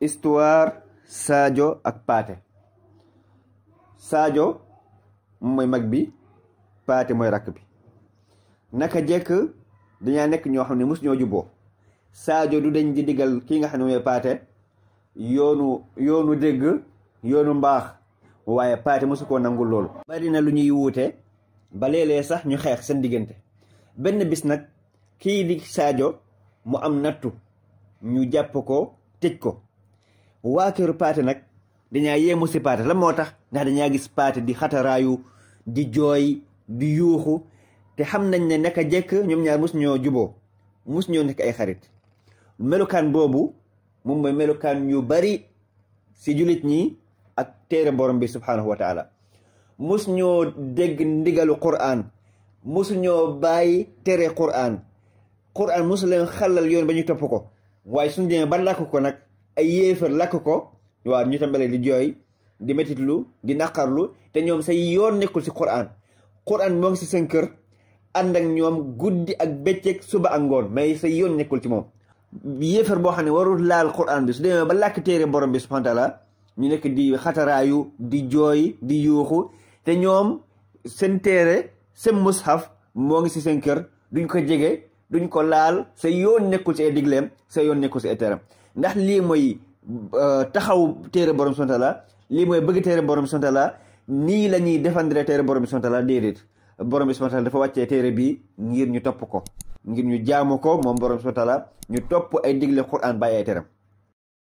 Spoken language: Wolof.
histoire saajo ak Paate saajo mooy mag bi Paate mooy rakk bi naka jëkk dañaa nekk ñoo xam ne mos ñoo bo saajo du dañ di diggal kii nga xam ne mooy Paate yoonu yoonu dégg yoonu mbaax waaye Paate mosu koo nangul loolu bari na lu ñuy wuute ba léeg sax ñu xeex seen diggante benn bis nag kii di saajo mu am nattu ñu jàpp ko tëj ko waa këru paate nag dañaa yéemu si paate la moo tax ndax dañaa gis paate di xataraayu di jooy di yuuxu te xam nañ ne naka jekk ñoom ñaar mus ñoo juboo mus ñoo nekk ay xarit melukaan boobu moom mooy melukaan yu bari si jullit ñi ak téere borom bi subhaanahu wa taala mus ñoo dégg ndigalu qur'an musu ñoo bàyyi tere qur'an qur'an musu leen xalal yoon ba ñu topp ko waaye suñu demee ba làkk ko nag ay yéefar lakk ko waaw ñu tambale di jooy di métitlu di naqarlu te ñoom sa yoon nekkul si Qur'an Qur'an moo ngi si seen kër ànd ak ñoom guddi ak bëccëg suba ak ngoon mais sa yoon nekkul ci moom yéefar boo xam ne warul laal Qur'an bi su demee ba làkk téere borom bi subhanahu wa taala ñu nekk di xataraayu di jooy di yuuxu te ñoom seen téere seen mushaf moo ngi si seen kër duñ ko jege duñ ko laal sa yoon nekkul ci ay digleem sa yoon nekkul si ay teram ndax lii mooy euh, taxaw téere borom subhaanahu wa lii mooy bëgg téere borom subhaanahu wa nii la ñuy défendre téere boromi subhaanahu wa taala déedéet borom subhaanahu wa taala dafa wàccee téere bi ngir ñu topp ko ngir ñu jaamu ko moom borom subhaanahu wa ñu topp ay digle Qur'an bàyyi ay teram